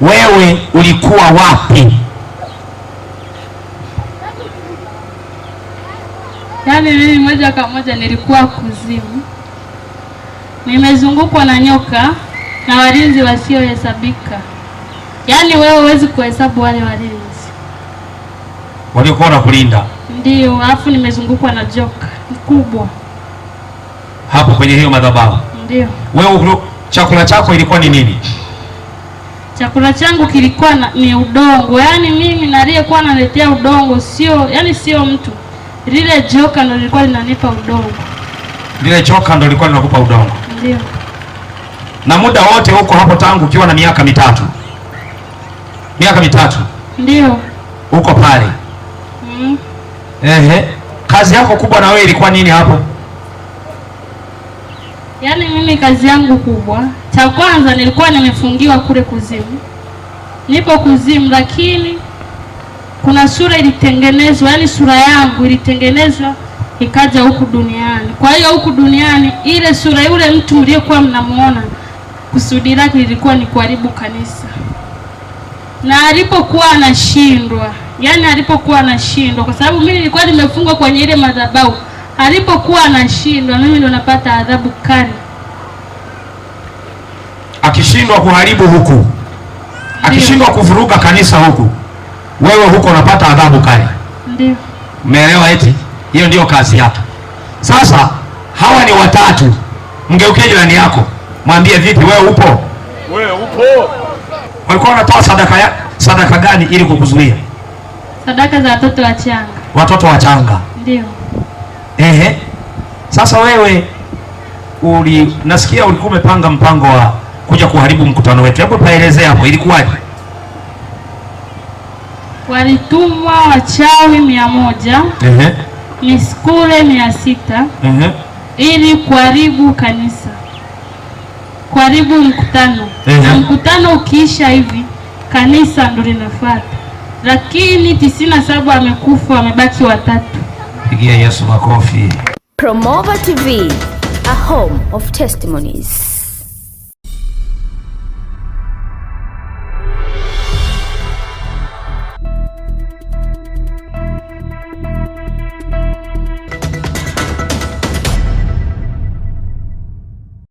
wewe ulikuwa wapi? Yaani mimi moja kwa moja nilikuwa kuzimu, nimezungukwa na nyoka na walinzi wasiohesabika. Yaani wewe huwezi kuhesabu wale walinzi waliokuwa wanakulinda. Ndio, alafu nimezungukwa na joka mkubwa hapo kwenye hiyo madhabahu. Ndio wewe, chakula chako ilikuwa ni nini? Chakula changu kilikuwa na, ni udongo. Yaani mimi naliyekuwa naletea udongo sio, yani sio mtu. Lile joka ndo lilikuwa linanipa udongo. Lile joka ndo lilikuwa linakupa udongo. Ndio. Na muda wote huko hapo tangu ukiwa na miaka mitatu. Miaka mitatu. Ndio. Huko pale. Mm. Ehe. Kazi yako kubwa na wewe ilikuwa nini hapo? Yaani mimi kazi yangu kubwa, cha kwanza nilikuwa nimefungiwa kule kuzimu, nipo kuzimu, lakini kuna sura ilitengenezwa, yaani sura yangu ilitengenezwa ikaja huku duniani. Kwa hiyo huku duniani ile sura, yule mtu mliyokuwa mnamuona, kusudi lake lilikuwa ni kuharibu kanisa, na alipokuwa anashindwa, yaani alipokuwa anashindwa, kwa sababu mimi nilikuwa nimefungwa kwenye ile madhabahu alipokuwa anashindwa, mimi ndo napata adhabu kali. Akishindwa kuharibu huku, akishindwa kuvuruga kanisa huku, wewe huko unapata adhabu kali. Ndio umeelewa? Eti hiyo ndio kazi yako. Sasa hawa ni watatu, mgeukie jirani yako, mwambie vipi, wewe upo? Wewe upo? walikuwa wanatoa sadaka ya sadaka gani ili kukuzuia? Sadaka za watoto wachanga. Watoto wachanga, ndio. Ehe. Sasa wewe uli nasikia ulikuwa umepanga mpango wa kuja kuharibu mkutano wetu, hebu paelezea hapo ilikuwaje? Walitumwa wachawi mia moja miskule mia sita ili kuharibu kanisa, kuharibu mkutano ehe. Na mkutano ukiisha hivi kanisa ndo linafuata, lakini tisini na saba wamekufa, wamebaki watatu Pigia Yesu makofi. Promova TV, a home of testimonies.